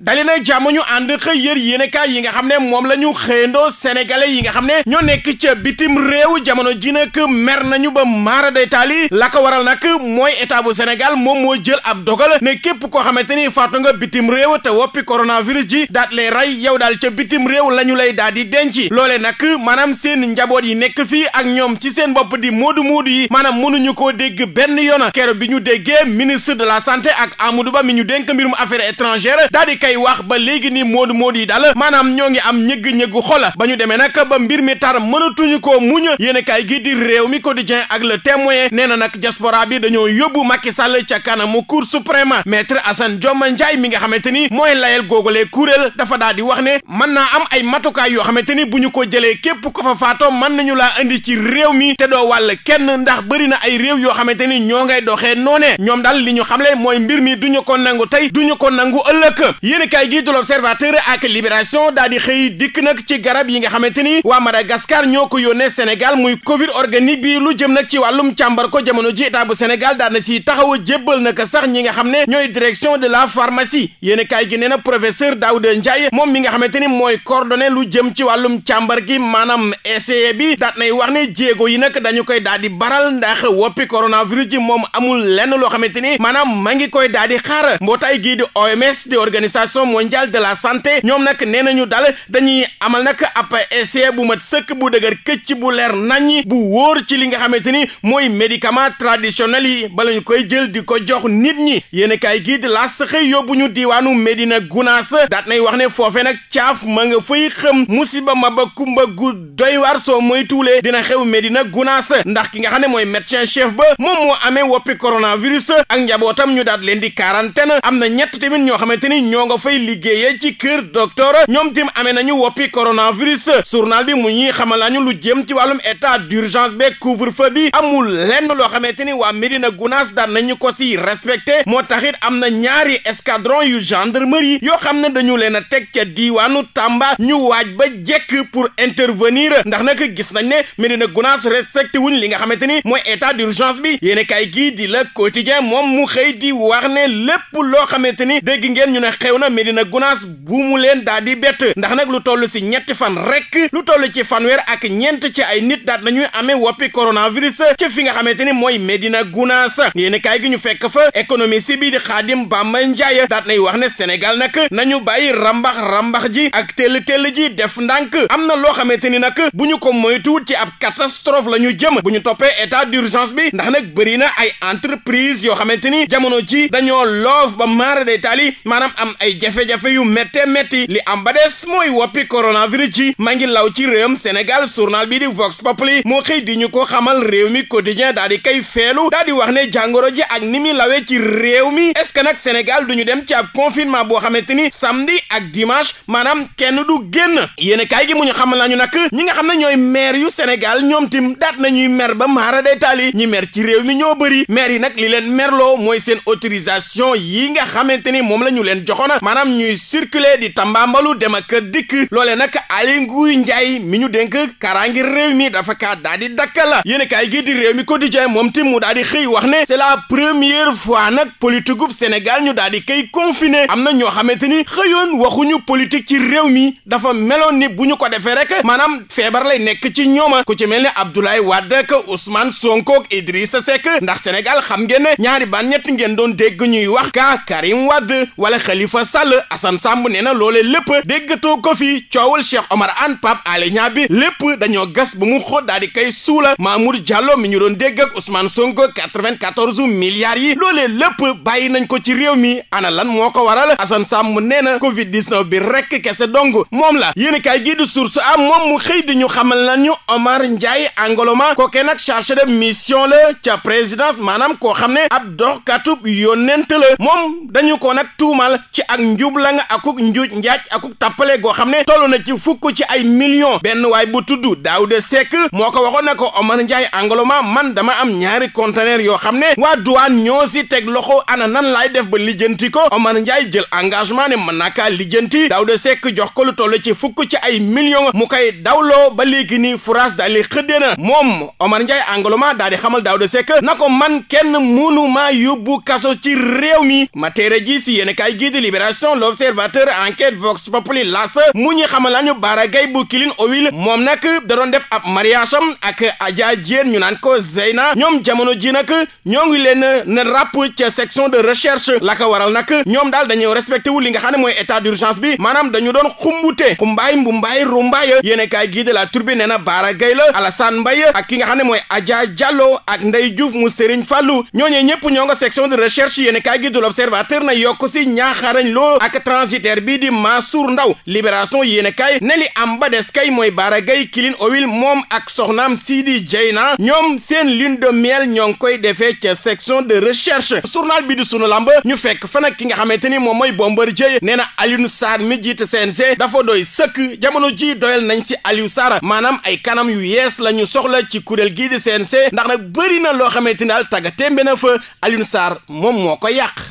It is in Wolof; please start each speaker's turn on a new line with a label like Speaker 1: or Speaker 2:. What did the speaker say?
Speaker 1: dali na jàmm ñu ànd xëy yër yéenekaay yi nga xam ne moom la ñu xëyandoo sénégalais yi nga xam ne ñoo nekk ca bitim réew jamono ji nag mer nañu ba maara day taali la waral nag mooy état bu Sénégal moom moo jël ab dogal ne képp koo xamante ni faatu nga bitim réew te woppi coronavirus ji daat lay ray yow daal ca bitim réew la ñu lay daal di denc loole nag maanaam seen njaboot yi nekk fii ak ñoom ci seen bopp di moodu moodu yi maanaam mënuñu koo dégg benn yoon keroog bi ñu déggee ministre de la santé ak Amadou Ba mi ñu dénk mbirum affaires étrangères daal di koy wax ba léegi ni moodu moodu yi dal maanaam ñoo ngi am ñëgg-ñëggu xola ba ñu demee nag ba mbir mi tar mënatuñu koo muñ yéen kaay gi di réew mi ko di quotidien ak le témoin nee na nag diaspora bi dañoo yóbbu Macky Sall ca kanamu cour suprême maître Assane Dioma Ndiaye mi nga xamante ni mooy googu googalee kuréel dafa daal di wax ne mën naa am ay matukaay yoo xamante ni bu ñu ko jëlee képp ko fa faatoo mën nañu laa indi ci réew mi te doo wàll kenn ndax bëri na ay réew yoo xamante ni ñoo ngay doxee noonee ñoom daal li ñu xamle mooy mbir mi duñu ko nangu tey duñu ko nangu yéen kaay gi du l'observateur ak libération daal di xëy dikk nag ci garab yi nga xamante ni waa Madagascar ñoo ko yónnee Sénégal muy Covid organique bi lu jëm nag ci wàllum càmbar ko jamono ji état bu Sénégal daal na si taxaw a jébbal naka sax ñi nga xam ne ñooy direction de la pharmacie yéen kaay gi nee na professeur Daouda Ndiaye moom mi nga xamante ni mooy coordonné lu jëm ci wàllum càmbar gi maanaam essayé bi daat nay wax ne jéego yi nag dañu koy daal di baral ndax woppi ji moom amul lenn loo xamante ni maanaam ma ngi koy daal di xaar mbootaay gii di OMS di organisation mondiale de la santé ñoom nag nee nañu dal dañuy amal nag ab essai bu mat sëkk bu dëgër këcc bu leer nañ bu wóor ci li nga xamante ni mooy médicament traditionnel yi bala ñu koy jël di ko jox nit ñi yéen gii di laas xëy yóbbu ñu diiwaanu Medina Gunaas daat nay wax ne foofe nag caaf ma nga fay xëm musiba ma ba kumba gu doy waar soo moy tuulee dina xew Medina Gunaas ndax ki nga xam ne mooy médecin chef ba moom moo amee woppi coronavirus ak njabootam ñu daat leen di quarantaine am na ñett tamit ñoo xamante ni ñoo fay liggéeyee ci kër docteur ñoom tim amee nañu woppi coronavirus journal bi mu ñuy xamal nañu lu jëm ci wàllum état d'urgence beeg couvre-feu bi amul lenn loo xamante ni waa Médina Gounass daan nañu ko si respecté moo taxit am na ñaari escadron yu gendre gendarmerie yoo xam ne dañu leen a teg ca diiwaanu tàmba ñu waaj ba jekk pour intervenir ndax nag gis nañ ne Médina Gounass respecté wuñ li nga xamante ni mooy état d'urgence bi yéen kay gii di la quotidien moom mu xëy di wax ne lépp loo xamante ni dégg ngeen ñu ne xew na Medina Gunaas buumu leen daal di bett ndax nag lu toll si ñetti fan rek lu toll ci fanweer ak ñeent ci ay nit daat nañuy amee woppi coronavirus ci fi nga xamante ni mooy Medina Gunaas yéen kaay gi ñu fekk fa économie si bi di Xaadim Bamba Njaay daat nay wax ne Sénégal nag nañu bàyyi rambax rambax ji ak tell tell ji def ndànk am na loo xamante ni nag bu ñu ko moytuwul ci ab catastrophe la ñu jëm bu ñu toppee état d'urgence bi ndax nag bëri na ay entrepris yoo xamante ni jamono ji dañoo loof ba maara day taali maanaam ay jafe yu métte métti li am ba des mooy woppi coronavirus ji ma ngi law ci réewum Sénégal journal bi di Vox Populi moo xëy di ñu ko xamal réew mi quotidien daal di kay feelu daal di wax ne jàngoro ji ak ni muy lawee ci réew mi est ce que nag Sénégal du ñu dem ci ab confinement boo xamante ni samedi ak dimanche maanaam kenn du génn yéen kaay gi mu ñu xamal nañu nag ñi nga xam ne ñooy maire yu Sénégal ñoom tim daat nañuy mer ba maara day taali ñi mer ci réew mi ñoo bëri maire yi nag li leen merloo mooy seen autorisation yi nga xamante moom la ñu leen maanaam ñuy circuler di tambaambalu dem ak dikk loole nag Aly Ngouille Ndiaye mi ñu denk kaaraangi réew mi dafa kaa daa di dakkal yéen kaay gi di réew mi quotidien moom ti mu daa di xëy wax ne c'est la première fois nag politique gu Sénégal ñu daa di koy confiné am na ñoo xamante ni xëyoon waxuñu politique ci réew mi dafa meloon ni bu ñu ko defee rek maanaam feebar lay nekk ci ñooma ku ci mel ne Abdoulaye Wade ak Ousmane Sonko ak Idrissa Seck ndax Sénégal xam ngeen ne ñaari ban ñett ngeen doon dégg ñuy wax kaa Karim Sall Assane Samb nee na loole lépp déggatoo ko fi coowal Cheikh Omar Anne Pape Alé Niang bi lépp dañoo gas bu mu xóot daal di koy suula Mamour Diallo mi ñu doon dégg ak Ousmane Sonko 94 milliards yi loolee lépp bàyyi nañ ko ci réew mi ana lan moo ko waral Assane Samb nee na Covid 19 bi rek kese dong moom la yéen kaay gii di source a moom mu xëy di ñu xamal nañu Omar Ndiaye Angoloma ko nag chargé de mission la ca présidence maanaam koo xam ne ab doxkatub yónneent la moom dañu ko nag tuumal ci ak ak njub la nga njuuj njaaj akuk tappale goo xam ne toll na ci fukk ci ay million benn waay bu tudd daaw de Seck moo ko waxoon na ko Omar Ndiaye Angloma man dama am ñaari conteneur yoo xam ne waa douane ñoo si teg loxo ana nan laay def ba lijjanti ko Omar Ndiaye jël engagement ne mën naa kaa lijjanti Daawuda Seck jox ko lu toll ci fukk ci ay million mu koy dawloo ba léegi nii France daal di xëddee moom Omar Ndiaye Angloma daal di xamal Daawuda Seck sek ko man kenn mënu maa yóbbu kaso ci réew mi ma téere si yéen a kaay Libération L'Observateur Enquête Vox Populi L'As mu ñu xamal lañu Bara Gaye bu Kilin Owil moom na da doon def ab mariage am ak Adja Diène ñu naan ko Zeyna ñoom jamono ji nag ñoo ngi leen na ràpp ca section de recherche la ko waral nag ñoom daal dañoo respecté wu li nga xam ne mooy état d'urgence bi maanaam dañu doon xumbute xumbaay mbumbaay rumbaay yéen a kaay gii de la turbi nee na Bara Gaye la Alassane Mbaye ak ki nga xam ne mooy Adja Diallo ak Ndeye Diouf mu Serigne Fallou ñooñee ñëpp ñoo nga section de recherche yéen a kaay gii na yokk Diallo ak transitaire bii di Mansour Ndaw libération yéene kay ne li am ba des kay mooy Bara Gaye Clean Oil moom ak soxnaam Sidi na ñoom seen lune de miel ñoo ngi koy defee ca section de recherche journal bi di sunu lamb ñu fekk fa nag ki nga xamante ni moom mooy Bombardier nee na Alioune Sarr mi jiit seen CNG dafa doy sëkk jamono jii doyal nañ si Aliou Sarr maanaam ay kanam yu yees la ñu soxla ci kuréel gii di CNG ndax nag bëri na loo xamante ni daal tàggatémbe na fa Alioune moom moo ko yàq